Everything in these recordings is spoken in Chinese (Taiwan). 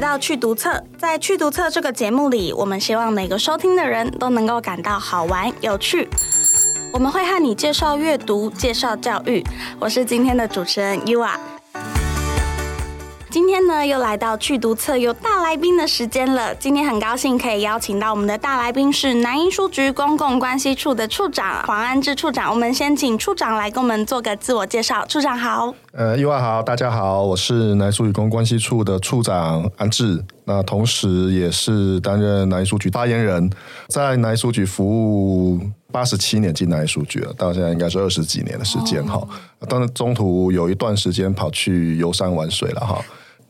到趣讀冊，在趣讀冊這個節目裡，我們希望每個收聽的人都能夠感到好玩、有趣。我們會和你介紹閱讀，介紹教育。我是今天的主持人 Yua。今天呢，又來到趣讀冊有大來賓的時間了。今天很高興可以邀請到我們的大來賓是南一書局公共關係處的處長黃安志處長。我們先請處長來給我們做個自我介紹。處長好，呃，意外、啊、好，大家好，我是南一書局公共關係處的處長安志，那同時也是擔任南一書局發言人，在南一書局服務八十七年進南一書局了，到現在應該是二十幾年的時間哈。當、哦、中途有一段時間跑去遊山玩水了哈。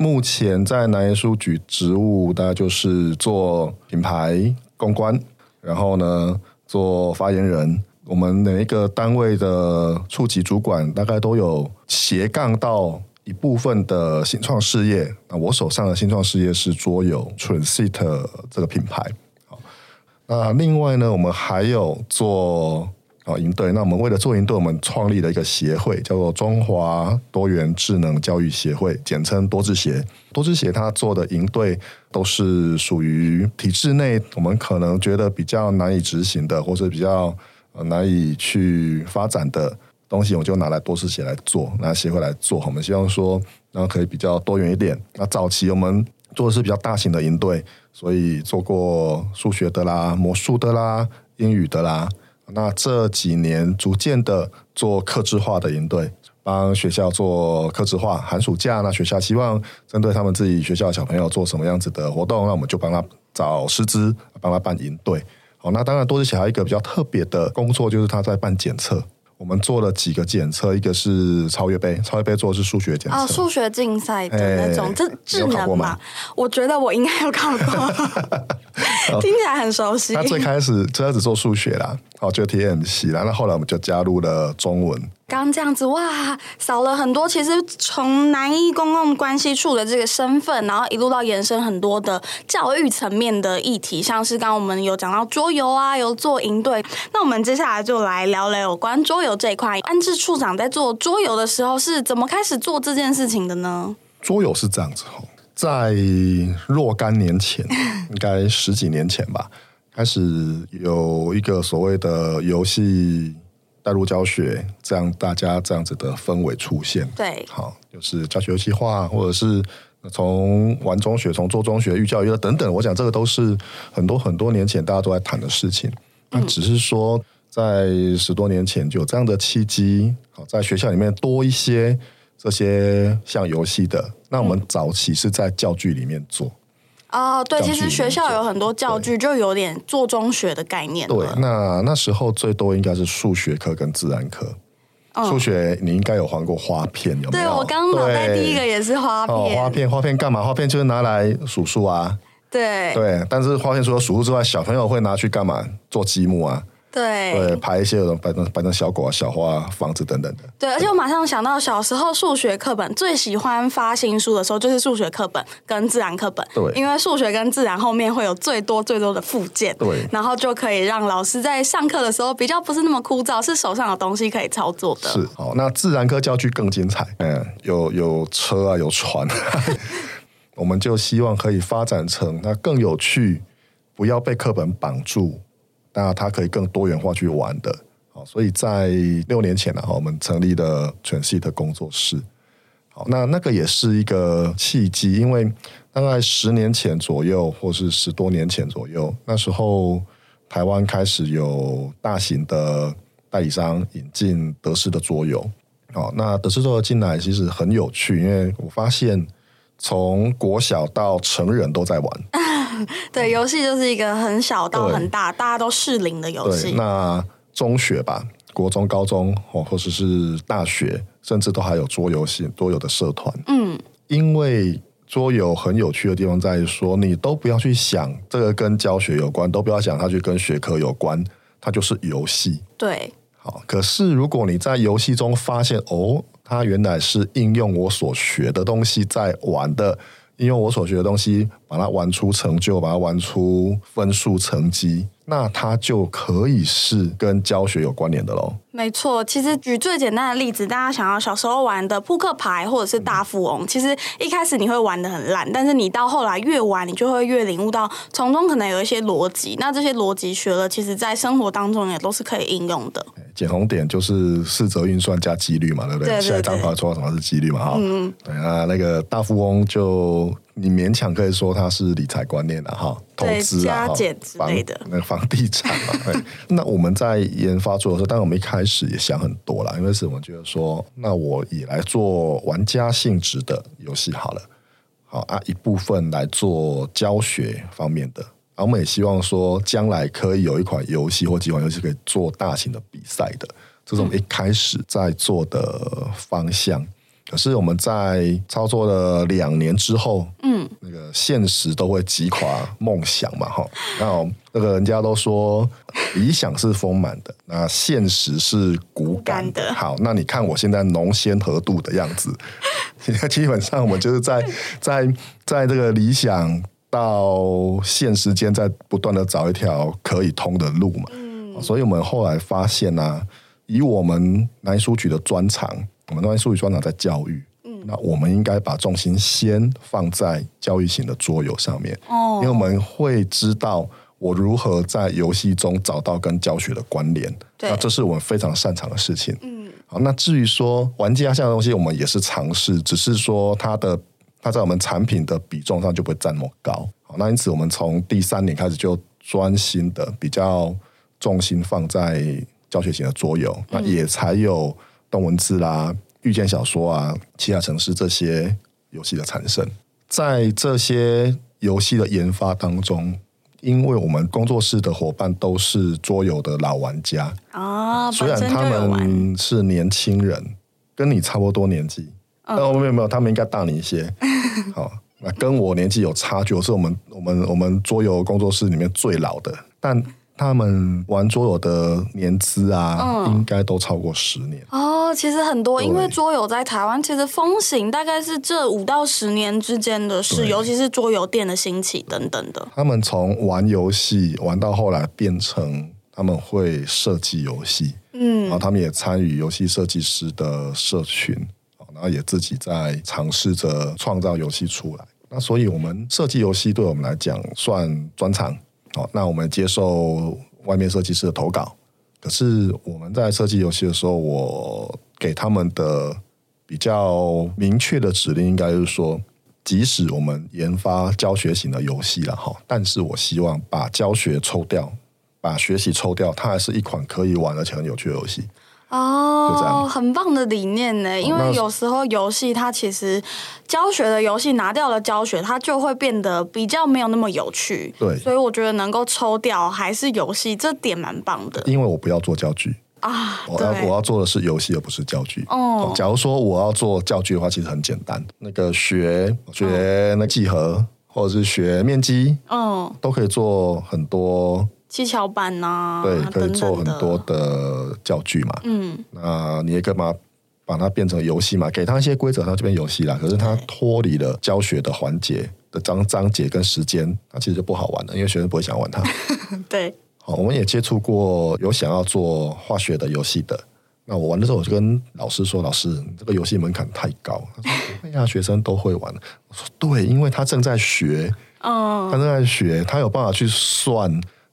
目前在南一書局職務，大概就是做品牌公關，然後呢做發言人。我們每一個單位的處級主管大概都有斜槓到一部分的新創事業。那我手上的新創事業是桌遊 TRANSit 這個品牌。好，那另外呢，我們還有做。啊，營隊。那我們為了做營隊，我們創立了一個協會，叫做中華多元智能教育協會，簡稱多智協。多智協它做的營隊都是屬於體制內，我們可能覺得比較難以執行的，或是比較難以去發展的東西，我們就拿來多智協來做，拿協會來做。我們希望說，然後可以比較多元一點。那早期我們做的是比較大型的營隊，所以做過數學的啦、魔術的啦、英語的啦。那這幾年逐漸的做客制化的營隊，幫學校做客製化，寒暑假。那學校希望針對他們自己學校的小朋友做什麼樣子的活動，那我們就幫他找師資，幫他辦營隊。好，那當然多是起到一個比較特別的工作，就是他在辦檢測。我們做了幾個檢測，一個是超越杯，超越杯做的是數學檢測。哦，數學競賽的那種，欸、這智能嘛，我覺得我應該有考過 好 聽起來很熟悉。那最開始這樣子做數學啦，哦，就體驗很細，然後後來我們就加入了中文。剛這樣子哇，少了很多。其實從南一公共關係處的這個身份，然後一路到延伸很多的教育層面的議題，像是剛剛我們有講到桌遊啊，有做營隊。那我們接下來就來聊聊有關桌遊。這一塊，安志處長在做桌遊的時候是怎麼開始做這件事情的呢？桌遊是這樣子哦，在若干年前， 應該十幾年前吧，開始有一個所謂的遊戲帶入教學，這樣大家這樣子的氛圍出現。對，好，就是教學遊戲化，或者是從玩中學，從做中學，寓教育等等。我想這個都是很多很多年前大家都在談的事情，那只是說、嗯。在十多年前就有這樣的契機，好，在學校裡面多一些這些像遊戲的。那我們早期是在教具裡面做啊、嗯哦，對，其實學校有很多教具，對就有點做中學的概念。對，那那時候最多應該是數學課跟自然課。哦、數學你應該有還過花片，有沒有？對，我剛腦袋對第一個也是花片。哦、花片花片幹嘛？花片就是拿來數數啊。 對對，但是花片除了數數之外，小朋友會拿去幹嘛？做積木啊。對，對，排一些有種擺成擺成小狗，啊，小花，啊、房子等等的。對，而且我馬上想到小時候數學課本最喜歡發新書的時候，就是數學課本跟自然課本。對，因為數學跟自然後面會有最多最多的附件。對，然後就可以讓老師在上課的時候比較不是那麼枯燥，是手上有東西可以操作的。是，好，那自然科教具更精彩。嗯，有有車啊，有船，啊， 我們就希望可以發展成那更有趣，不要被課本綁住。那他可以更多元化去玩的。好，所以在六年前呢，啊，我們成立了 TRANSit 的工作室。好，那那個也是一個契機，因為大概十年前左右，或是十多年前左右，那時候台灣開始有大型的代理商引進德式的桌遊。好，那德式桌遊進來其實很有趣，因為我發現從國小到成人都在玩。啊 對，遊戲就是一個很小到很大，嗯、大家都適齡的遊戲。那中學吧，國中、高中或者是，是大學，甚至都還有桌遊戲，桌遊的社團。嗯，因為桌遊很有趣的地方在於說，你都不要去想這個跟教學有關，都不要想它去跟學科有關，它就是遊戲。對，好。可是如果你在遊戲中發現，哦，它原來是應用我所學的東西在玩的。因為我所學的東西，把它玩出成就，把它玩出分數成績，那它就可以是跟教學有關聯的嘍。沒錯，其實舉最簡單的例子，大家想要小時候玩的撲克牌或者是大富翁，嗯、其實一開始你會玩的很爛，但是你到後來越玩，你就會越領悟到從中可能有一些邏輯。那這些邏輯學了，其實在生活當中也都是可以應用的。撿紅點就是四則運算加幾率嘛，對不對？下一張牌抽到什麼是幾率嘛？哈、嗯哦，對啊，那個大富翁就你勉強可以說它是理財觀念的、啊、哈、哦，投資、啊、對加減之類的那個房地產嘛、啊。對。 那我們在研發做的時候，但我沒看。開始也想很多了，因為是我們覺得說，那我也來做玩家性質的遊戲好了，好啊，一部分來做教學方面的，然後我們也希望說，將來可以有一款遊戲或幾款遊戲可以做大型的比賽的，這是我們一開始在做的方向。嗯。可是我們在操作了兩年之後，嗯。現實都會擊垮夢想嘛，哈。那那個人家都說，理想是豐滿的，那現實是骨感的。好，那你看我現在濃鮮合度的樣子，現在基本上我們就是在在在這個理想到現實間，在不斷的找一條可以通的路嘛。嗯，所以我們後來發現呢，啊，以我們南一書局的專長，我們南一書局專長在教育。那我們應該把重心先放在教育型的桌遊上面，哦、因為我們會知道我如何在遊戲中找到跟教學的關聯，對那這是我們非常擅長的事情，嗯，好，那至於說玩家向的東西，我們也是嘗試，只是說它的它在我們產品的比重上就不會占那麼高，好，那因此我們從第三年開始就專心的比較重心放在教學型的桌遊，嗯、那也才有動文字啦。遇見小說啊，其他城市這些遊戲的產生，在這些遊戲的研發當中，因為我們工作室的夥伴都是桌遊的老玩家啊，哦、雖然他們是年輕人，跟你差不多年紀，呃、哦，但沒有沒有，他們應該大你一些， 好，那跟我年紀有差距，我是我們我們我們桌遊工作室裡面最老的，但。他們玩桌遊的年資啊，嗯、應該都超過十年哦。其實很多，吧因為桌遊在台灣其實風行，大概是這五到十年之間的事，對尤其是桌遊店的興起對等等的。他們從玩遊戲玩到後來變成他們會設計遊戲，嗯，然後他們也參與遊戲設計師的社群，然後也自己在嘗試着創造遊戲出來。那所以我們設計遊戲對我們來講算專長。哦，那我們接受外面設計師的投稿，可是我們在設計遊戲的時候，我給他們的比較明確的指令，應該就是說，即使我們研發教學型的遊戲了哈，但是我希望把教學抽掉，把學習抽掉，它還是一款可以玩而且很有趣的遊戲。哦，oh, 很棒的理念呢！Oh, 因為有時候遊戲它其實那教學的遊戲拿掉了教學，它就會變得比較沒有那麼有趣。對，所以我覺得能夠抽掉還是遊戲，這點蠻棒的。因為我不要做教具啊，ah, 對我要我要做的是遊戲，而不是教具。哦，oh. 假如說我要做教具的話，其實很簡單，那個學學那個幾何，oh. 或者是學面積，哦，oh. 都可以做很多。七巧板吶、啊，對，等等可以做很多的教具嘛。嗯，那你也幹嘛把它變成遊戲嘛？給他一些規則，他就變遊戲啦。可是他脫離了教學的環節對的章章節跟時間，他其實就不好玩了，因為學生不會想玩它。 對，好、哦，我們也接觸過有想要做化學的遊戲的。那我玩的時候，我就跟老師說：“老師，這個遊戲門檻太高。”他說、哎呀：“學生都會玩。”我說：“對，因為他正在學，哦，他正在學，他有辦法去算。”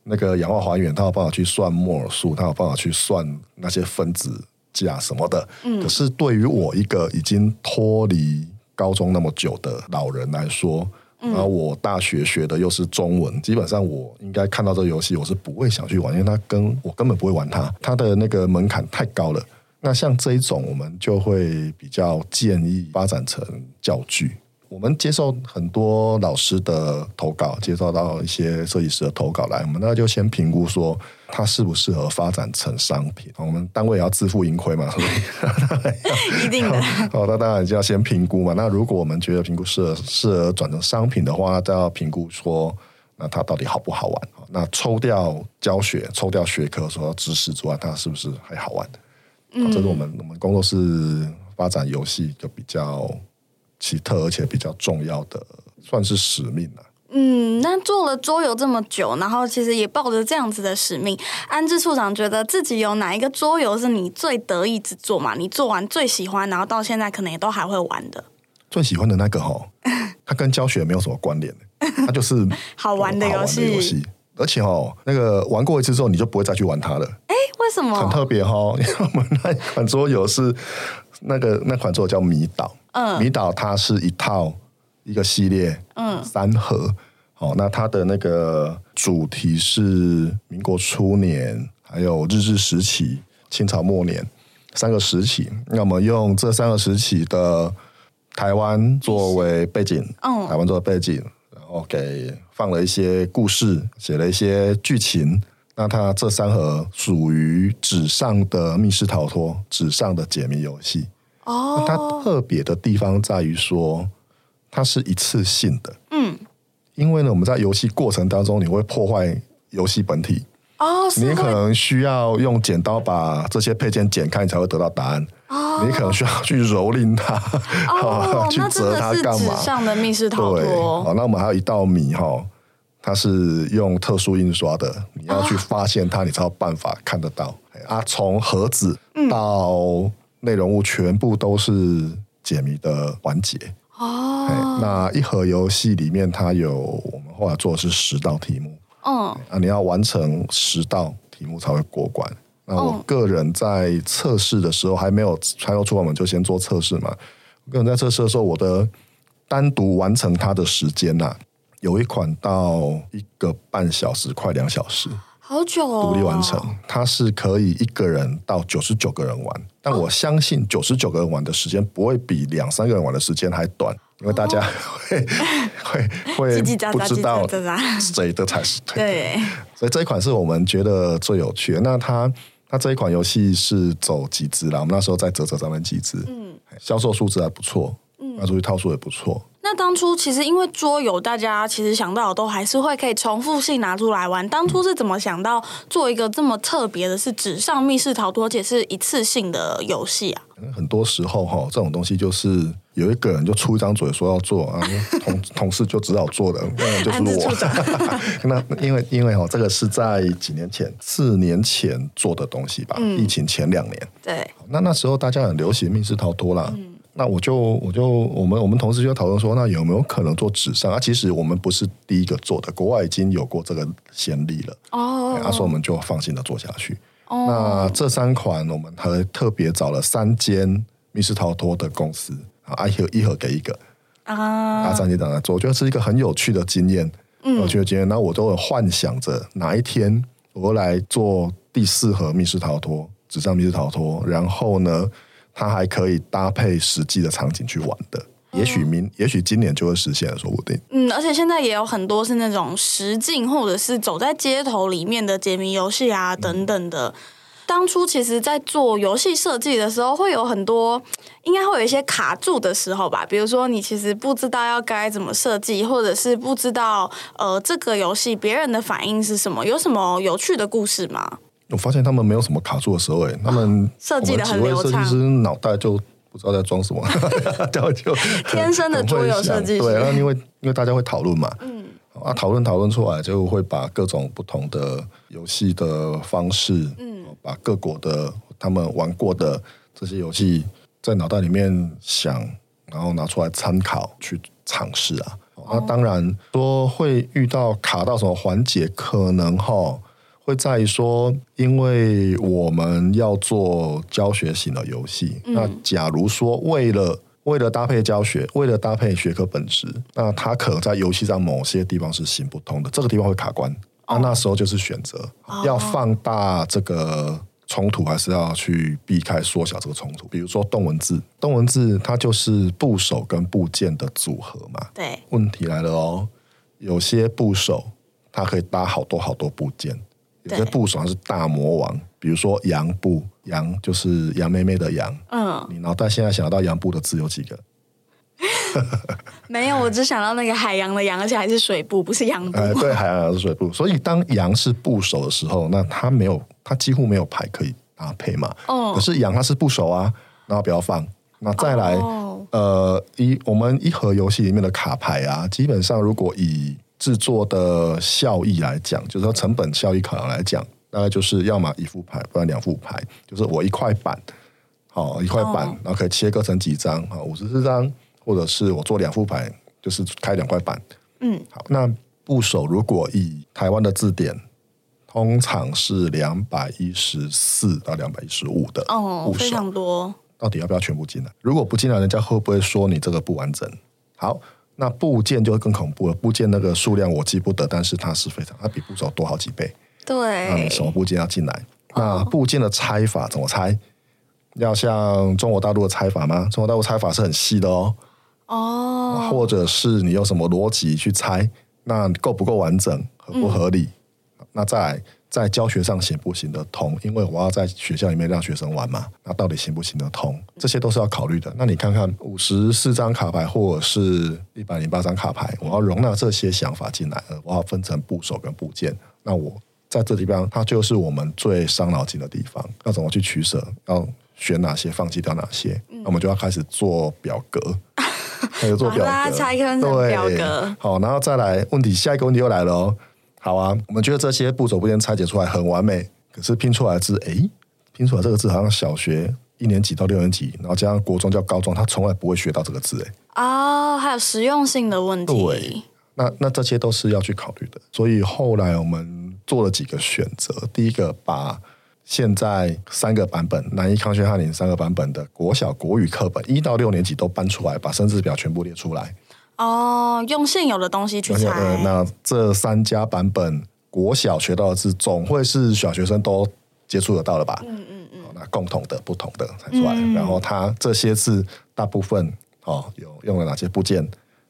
那個氧化還原，他有辦法去算莫爾數，他有辦法去算那些分子價什麼的。嗯、可是對於我一個已經脫離高中那麼久的老人來說，然後、嗯啊、我大學學的又是中文，基本上我應該看到這個遊戲，我是不會想去玩，嗯、因為它跟我根本不會玩它，它的那個門檻太高了。那像這一種，我們就會比較建議發展成教具。我們接受很多老師的投稿，接受到一些設計師的投稿來，我們那就先評估說它適不適合發展成商品。我們單位也要自負盈虧嘛，所以， 要一定的。好，那當然就要先評估嘛。那如果我們覺得評估適合適合轉成商品的話，再要評估說那它到底好不好玩。好，那抽掉教學、抽掉學科所有知識之外，它是不是還好玩？好，這是我們、嗯、我們工作室發展遊戲就比較。奇特，而且比較重要的，算是使命了、啊。嗯，那做了桌遊這麼久，然後其實也抱着這樣子的使命，安志處長覺得自己有哪一個桌遊是你最得意之作嘛？你做完最喜歡，然後到現在可能也都還會玩的。最喜歡的那個哦，它跟教學沒有什麼關聯，他、欸、它就是 好玩的遊戲。哦而且哦，那個玩過一次之後，你就不會再去玩它了。哎、欸，為什麼？很特別哈、哦。因為我們那一款桌遊是那個那款桌遊叫《謎島》。嗯，《謎島》它是一套一個系列，嗯，三盒。哦，那它的那個主題是民國初年，還有日治時期、清朝末年三個時期。那我們用這三個時期的台灣作為背景，嗯、台灣作為背景。給、okay, 放了一些故事，寫了一些劇情。那它這三盒屬於紙上的密室逃脫，紙上的解謎遊戲。哦，oh. 它特別的地方在於說，它是一次性的。嗯，因為呢，我們在遊戲過程當中，你會破壞遊戲本體。Oh, 你可能需要用剪刀把這些配件剪開，你才會得到答案。Oh, 你可能需要去蹂躪它，去折它幹嘛？的紙上的密室逃脫。對，好，那我們還有一道謎哈，它是用特殊印刷的，你要去發現它，oh. 你才有辦法看得到。啊，從盒子到內容物全部都是解謎的環節。哦、oh. 嗯，那一盒遊戲裡面，它有我們後來做的是十道題目。哦、啊！你要完成十道題目才會過關。那我個人在測試的時候、哦、還沒有還要出版本，就先做測試嘛。我個人在測試的時候，我的單獨完成它的時間呢、啊、有一款到一個半小時，快兩小時。好久哦，哦！獨立完成，它是可以一個人到九十九個人玩，但我相信九十九個人玩的時間不會比兩三個人玩的時間還短，因為大家會、哦、會會不知道誰的才是的對。所以這一款是我們覺得最有趣的。那它它這一款遊戲是走集資啦，我們那時候在折折上面集資，嗯，銷售數字還不錯，賣出去套數也不錯。那當初其實因為桌遊，大家其實想到都還是會可以重複性拿出來玩。當初是怎麼想到做一個這麼特別的，是紙上密室逃脫，而且是一次性的遊戲啊、嗯？很多時候哈、哦，這種東西就是有一個人就出一張嘴說要做啊，同 同事就只好做的，那就是我。 那因為因為哈、哦，這個是在幾年前，四年前做的東西吧，嗯、疫情前兩年。對，那那時候大家很流行密室逃脫啦。嗯那我就我就我們我們同事就討論說，那有沒有可能做紙上？啊，其實我們不是第一個做的，國外已經有過這個先例了。哦、oh. 嗯，啊，所以我們就放心的做下去。哦，oh. 那這三款我們還特別找了三間密室逃脫的公司啊，一盒一盒給一個、oh. 啊，三間等在做，我覺得是一個很有趣的經驗。嗯，有趣的經驗，那我都有幻想着哪一天我來做第四盒密室逃脫，紙上密室逃脫，然後呢，它還可以搭配實際的場景去玩的，也許明，也許今年就會實現，說不定。嗯，而且現在也有很多是那種實境或者是走在街頭裡面的解謎遊戲啊等等的。當初其實，在做遊戲設計的時候，會有很多，應該會有一些卡住的時候吧。比如說，你其實不知道要該怎麼設計，或者是不知道，呃，這個遊戲別人的反應是什麼，有什麼有趣的故事嗎？我發現他們沒有什麼卡住的時候誒、欸，哦，他們設計的很流暢，幾位設計師腦袋就不知道在裝什麼，哈哈哈哈哈！ 就會想天生的桌遊設計師，對，那因為因為大家會討論嘛，嗯，啊，討論討論出來就會把各種不同的遊戲的方式，嗯，把各國的他們玩過的這些遊戲在腦袋裡面想，然後拿出來參考去嘗試啊。哦，那當然說會遇到卡到什麼環節，可能哈。會在於說，因為我們要做教學型的遊戲，嗯、那假如說為了為了搭配教學，為了搭配學科本質，那它可能在遊戲上某些地方是行不通的，這個地方會卡關。哦、那那時候就是選擇、哦、要放大這個衝突，還是要去避開縮小這個衝突？比如說動文字，動文字它就是部首跟部件的組合嘛。對，問題來了哦，有些部首它可以搭好多好多部件。有些對部首是大魔王，比如說“羊部”，“羊”就是羊妹妹的羊“羊”。嗯，然後但現在想到“羊部”的字有幾個？ 沒有，我只想到那個海洋的“洋”，而且還是水部，不是羊部。欸、對，海洋是水部。所以當“羊”是部首的時候，那它沒有，它幾乎沒有牌可以搭配嘛。哦、嗯，可是“羊”它是部首啊，然後不要放。那再來，哦、呃，一我們一盒遊戲裡面的卡牌啊，基本上如果以製作的效益來講，就是說成本效益考量來講，大概就是要麼一副牌，不然兩副牌。就是我一塊板，好、哦、一塊板，哦、然後可以切割成幾張啊，五十四張，或者是我做兩副牌，就是開兩塊板。嗯，好，那部首如果以台灣的字典，通常是兩百一十四到兩百一十五的哦，非常多。到底要不要全部進來？如果不進來，人家會不會說你這個不完整？好。那部件就會更恐怖了，部件那個數量我記不得，但是它是非常，它比步驟多好幾倍。對，那什麼部件要進來？哦、那部件的拆法怎麼拆？要像中國大陸的拆法嗎？中國大陸拆法是很細的哦。哦，或者是你用什麼邏輯去拆？那夠不夠完整？合不合理？嗯、那再在教學上行不行得通？因為我要在學校裡面讓學生玩嘛，那到底行不行得通？這些都是要考慮的。那你看看五十四張卡牌，或者是一百零八張卡牌，我要容納這些想法進來，我要分成部首跟部件。那我在這地方，它就是我們最傷腦筋的地方。要怎麼去取捨？要選哪些，放棄掉哪些？嗯、那我們就要開始做表格， 開始做表格。對，好，然後再來，問題，下一個問題又來了。好啊，我們覺得這些步驟部件拆解出來很完美，可是拼出來的字，誒，拼出來這個字好像小學一年級到六年級，然後加上國中叫高中，他從來不會學到這個字誒，哎，啊，還有實用性的問題。對，那那這些都是要去考慮的。所以後來我們做了幾個選擇，第一個把現在三個版本南一、康軒翰林三個版本的國小國語課本一到六年級都搬出來，把生字表全部列出來。哦，oh, 用現有的東西去猜。嗯嗯、那這三家版本國小學到的字，總會是小學生都接觸得到的吧？嗯嗯嗯、哦。那共同的、不同的才出來。嗯、然後它這些字大部分哦，有用了哪些部件，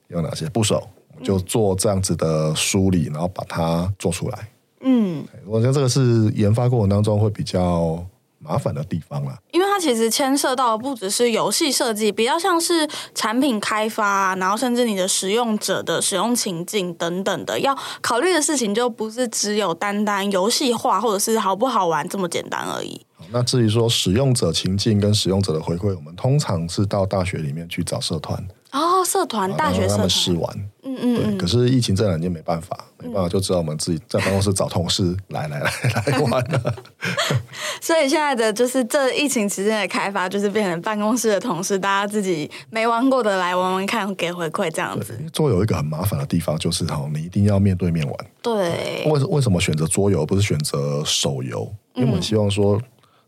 有哪些部首，就做這樣子的梳理，嗯、然後把它做出來。嗯，我覺得這個是研發過程當中會比較。麻煩的地方了，因為它其實牽涉到的不只是遊戲設計，比較像是產品開發，啊，然後甚至你的使用者的使用情境等等的要考慮的事情，就不是只有單單遊戲化或者是好不好玩這麼簡單而已。那至於說，使用者情境跟使用者的回饋，我們通常是到大學裡面去找社團哦，社團，啊，大學社團們試玩、嗯，嗯對嗯可是疫情這兩年沒辦法，沒辦法，就只好我們自己在辦公室找同事、嗯、來來來來玩了。 所以現在的就是這疫情期間的開發，就是變成辦公室的同事，大家自己沒玩過的來玩玩看，給回饋這樣子。桌遊一個很麻煩的地方就是哈，你一定要面對面玩。對。為什麼選擇桌遊不是選擇手遊？因為我們希望說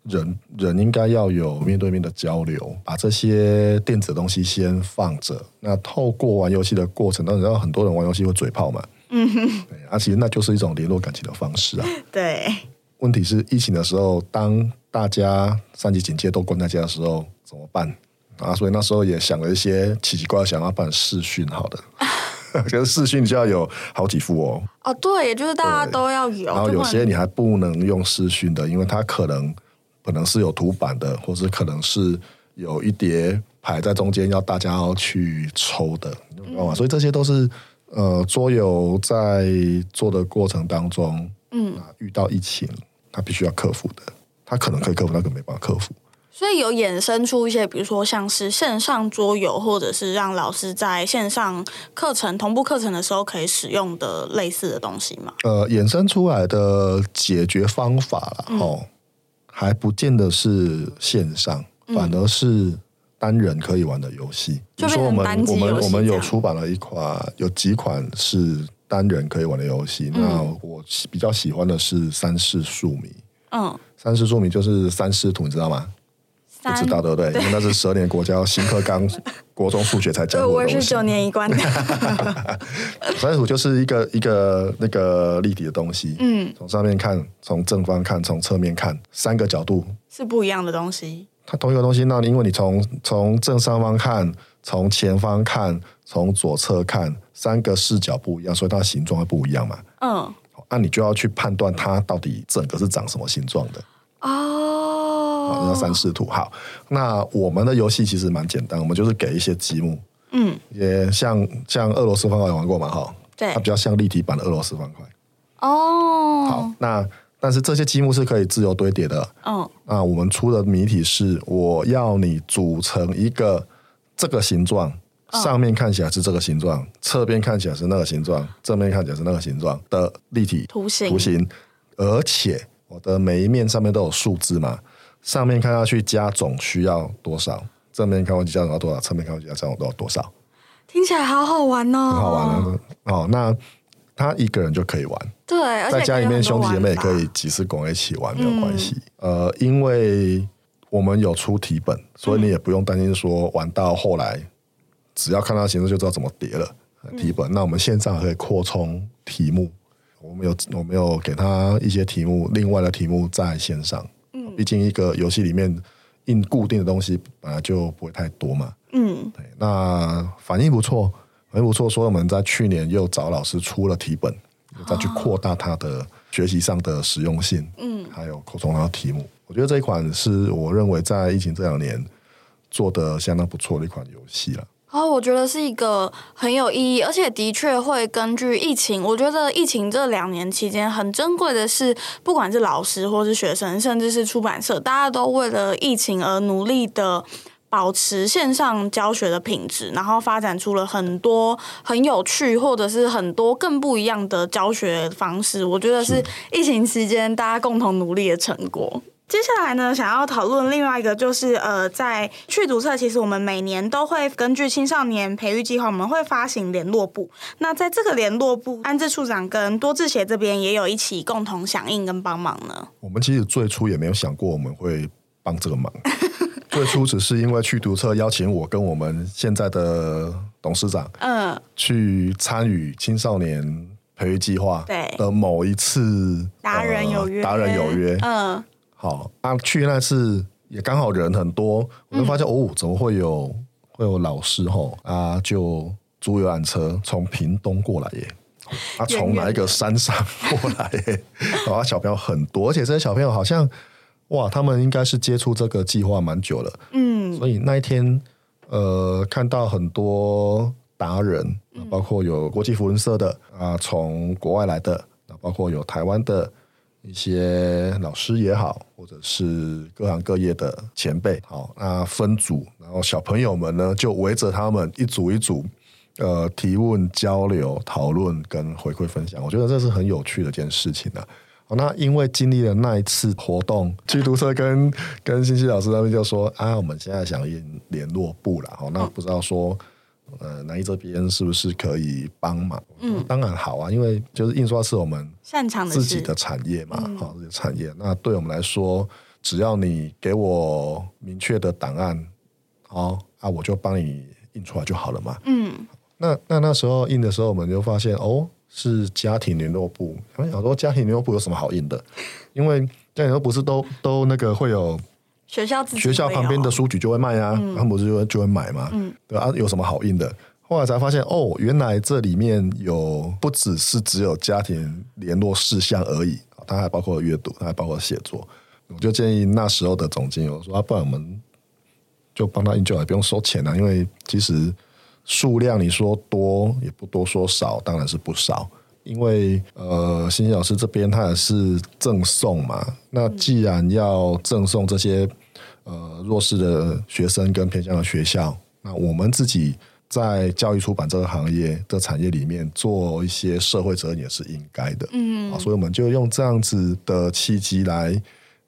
人，人、嗯、人應該要有面對面的交流，把這些電子東西先放着。那透過玩遊戲的過程當中，很多人玩遊戲會嘴炮嘛。嗯呵呵。哼，而、啊、且那就是一種聯絡感情的方式啊。對。問題是疫情的時候，當大家三級警戒都關在家的時候怎麼辦啊？所以那時候也想了一些奇奇怪怪想要辦視訊好的， 可是視訊就要有好幾副哦。啊、哦，對，就是大家都要有。然後有些你還不能用視訊的，因為它可能可能是有圖版的，或者可能是有一疊牌在中間要大家要去抽的，哦，嗯、所以這些都是呃桌遊在做的過程當中，嗯、啊，遇到疫情。他必須要克服的，他可能可以克服，他可能沒辦法克服。所以有衍生出一些，比如說像是線上桌遊，或者是讓老師在線上課程同步課程的時候可以使用的類似的東西嘛？呃，衍生出來的解決方法啦、嗯、哦，還不見得是線上，反而是單人可以玩的遊戲。就、嗯、說我們單我們我們有出版了一款，有幾款是。單人可以玩的遊戲，那我比較喜歡的是三視數迷。嗯，三視數迷就是三視圖，你知道嗎？不三知道對不對？對，因為那是十二年國家新課綱國中數學才教的東西。我也是九年一貫的。 三視圖就是一個一個那個立體的東西，嗯，從上面看，從正方看，從側面看，三個角度是不一樣的東西。它同一個東西，那因為你從從正上方看。從前方看，從左側看，三個視角不一樣，所以它的形狀會不一樣嘛？嗯，那、啊、你就要去判斷它到底整個是長什麼形狀的哦。那三視圖好，那我們的遊戲其實蠻簡單，我們就是給一些積木，嗯，也像像俄羅斯方塊有玩過嘛？哈，對，它比較像立體版的俄羅斯方塊哦。好，那但是這些積木是可以自由堆疊的，嗯、哦，那我們出的謎題是，我要你組成一個。這個形狀，上面看起來是這個形狀，哦、側邊看起來是那個形狀，正面看起來是那個形狀的立體圖形。圖形，而且我的每一面上面都有數字嘛，上面看上去加總需要多少，正面看下去加總要多少，側面看下去加總多少多少，多少。聽起來好好玩哦，很好玩哦。哦，那他一個人就可以玩，對，而且在家裡面兄弟姐妹也可以幾次跟我一起玩，沒有關係。嗯、呃，因為。我們有出題本，所以你也不用擔心說玩到後來，嗯、只要看到形式就知道怎麼疊了題本。嗯、那我們線上可以擴充題目，我們有我們有給他一些題目，另外的題目在線上。畢、嗯、竟一個遊戲裡面硬固定的東西本來就不會太多嘛。嗯對，那反應不錯，反應不錯，所以我們在去年又找老師出了題本，再去擴大他的學習上的實用性。哦、嗯，還有擴充他的題目。我覺得這一款是我認為在疫情這兩年做的相當不錯的一款遊戲了。哦，我覺得是一個很有意義，而且的確會根據疫情。我覺得疫情這兩年期間很珍貴的是，不管是老師或是學生，甚至是出版社，大家都為了疫情而努力的保持線上教學的品質，然後發展出了很多很有趣，或者是很多更不一樣的教學方式。我覺得是疫情期間大家共同努力的成果。接下來呢，想要討論另外一個就是，呃，在趣讀冊，其實我們每年都會根據青少年培育計劃，我們會發行聯絡簿。那在這個聯絡簿，安志處長跟多志協這邊也有一起共同響應跟幫忙呢。我們其實最初也沒有想過我們會幫這個忙， 最初只是因為趣讀冊邀請我跟我們現在的董事長，嗯，去參與青少年培育計劃對的某一次對、呃、達人有約，達人有約，嗯。好，啊，去那次也剛好人很多，我就發現哦，怎麼會有、嗯、會有老師吼啊，就租遊覽車從屏東過來耶，啊，從哪一個山上過來耶、嗯嗯嗯好，啊，小朋友很多，而且這些小朋友好像哇，他們應該是接觸這個計劃蠻久了，嗯，所以那一天呃，看到很多達人，啊、包括有國際服務社的啊，從國外來的，啊，包括有台灣的。一些老師也好，或者是各行各業的前輩，好，那分組，然後小朋友們呢就圍着他們一組一組，呃，提問、交流、討論跟回饋分享，我覺得這是很有趣的一件事情啊。好，那因為經歷了那一次活動，趣讀冊跟跟新希老師那邊就說啊，我們現在想聯聯絡部。」了，好，那不知道說。呃，南一這邊是不是可以幫忙？嗯，當然好啊，因為就是印刷是我們擅長的自己的產業嘛，好，哦、自己的產業。嗯、那對我們來說，只要你給我明確的檔案，好、哦，啊，我就幫你印出來就好了嘛。嗯，那那那時候印的時候，我們就發現哦，是家庭聯絡簿。因為好多家庭聯絡簿有什麼好印的？因為家庭聯絡簿是都 都，都那個會有。學校，學校旁邊的書局就會賣啊，嗯、他們不是就會就會買嘛？嗯、對啊，有什麼好印的？後來才發現哦，原來這裡面有不只是只有家庭聯絡事項而已，它還包括閱讀，它還包括寫作。我就建議那時候的總經理我說：“啊，不然我們就幫他印就好了，不用收錢啊。”因為其實數量你說多也不多，說少當然是不少。因為呃，欣欣老師這邊他也是贈送嘛，那既然要贈送這些。呃，弱勢的學生跟偏鄉的學校，嗯、那我們自己在教育出版這個行業、這個、產業裡面做一些社會責任也是應該的，嗯，所以我們就用這樣子的契機來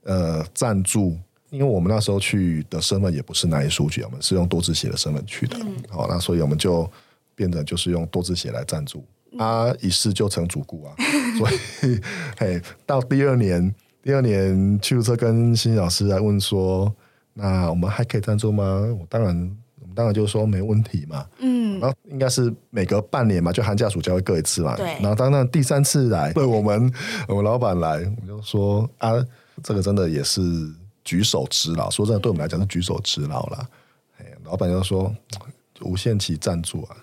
呃贊助，因為我們那時候去的身份也不是南一書局，我們是用多字寫的身份去的，嗯、好，那所以我們就變成就是用多字寫來贊助，嗯、啊，一試就成主顧啊， 所以，嘿，到第二年，第二年救車跟新老師來問說。那我們還可以贊助嗎？我當然，我們當然就是說沒問題嘛。嗯，然後應該是每隔半年嘛，就寒假暑假會各一次嘛。對。然後當當第三次來，對我們，我們老闆來，我們就說啊，這個真的也是舉手之勞。說真的，對我們來講是舉手之勞啦。哎，老闆就說，無限期贊助啊。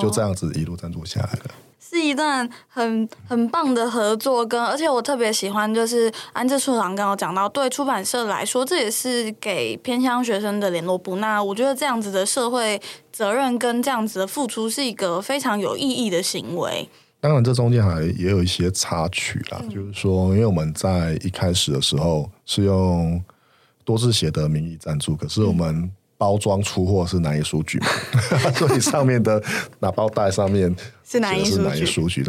就這樣子一路贊助下來了。哦。是一段很很棒的合作跟、跟，而且我特別喜歡，就是安志處長剛剛講到，對出版社來說，這也是給偏鄉學生的聯絡簿。那我覺得這樣子的社會責任跟這樣子的付出，是一個非常有意義的行為。當然，這中間還也有一些插曲啦，嗯、就是說，因為我們在一開始的時候是用多次寫的名義贊助，可是我們、嗯。包裝出貨是哪一數據， 所以上面的打包袋上面 是哪一數據？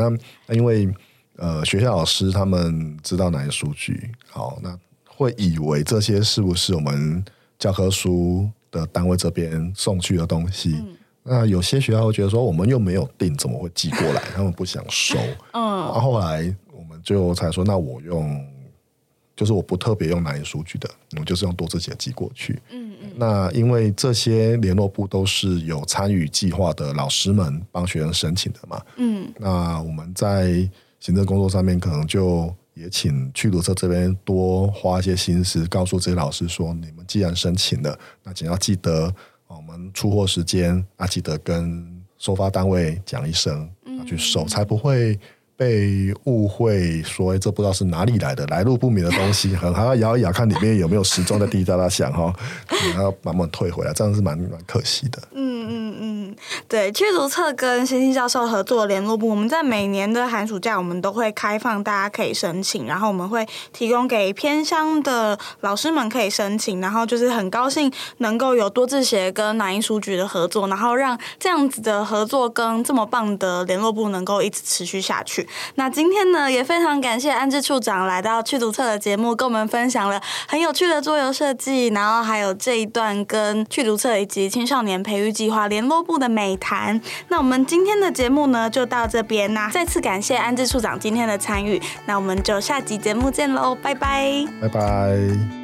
那因為呃，學校老師他們知道哪些數據，好，那會以為這些是不是我們教科書的單位這邊送去的東西？嗯、那有些學校會覺得說我們又沒有訂，怎麼會寄過來？ 他們不想收。嗯，後來我們最後才說，那我用。就是我不特別用哪一數據的，我就是用多自己的寄過去。嗯嗯。嗯，那因為這些聯絡部都是有參與計劃的老師們幫學生申請的嘛。嗯。那我們在行政工作上面，可能就也請趣讀冊這邊多花一些心思，告訴這些老師說：你們既然申請了，那只要記得我們出貨時間，啊，記得跟收發單位講一聲，嗯、要去收，才不會。被誤會說，這不知道是哪裡來的來路不明的東西，還要搖一搖看裡面有沒有時鐘的滴滴答答響哈，然後要慢慢退回來，這樣是蠻蠻可惜的。嗯嗯。對，趣讀冊跟星星教授合作聯絡部，我們在每年的寒暑假，我們都會開放，大家可以申請，然後我們會提供給偏鄉的老師們可以申請，然後就是很高興能夠有多字協跟南一書局的合作，然後讓這樣子的合作跟這麼棒的聯絡部能夠一直持續下去。那今天呢，也非常感謝安志處長來到趣讀冊的節目，跟我們分享了很有趣的桌遊設計，然後還有這一段跟趣讀冊以及青少年培育計劃聯絡部的美談，那我們今天的節目呢，就到這邊啦。啊，再次感謝安志處長今天的參與，那我們就下集節目見嘍，拜拜，拜拜。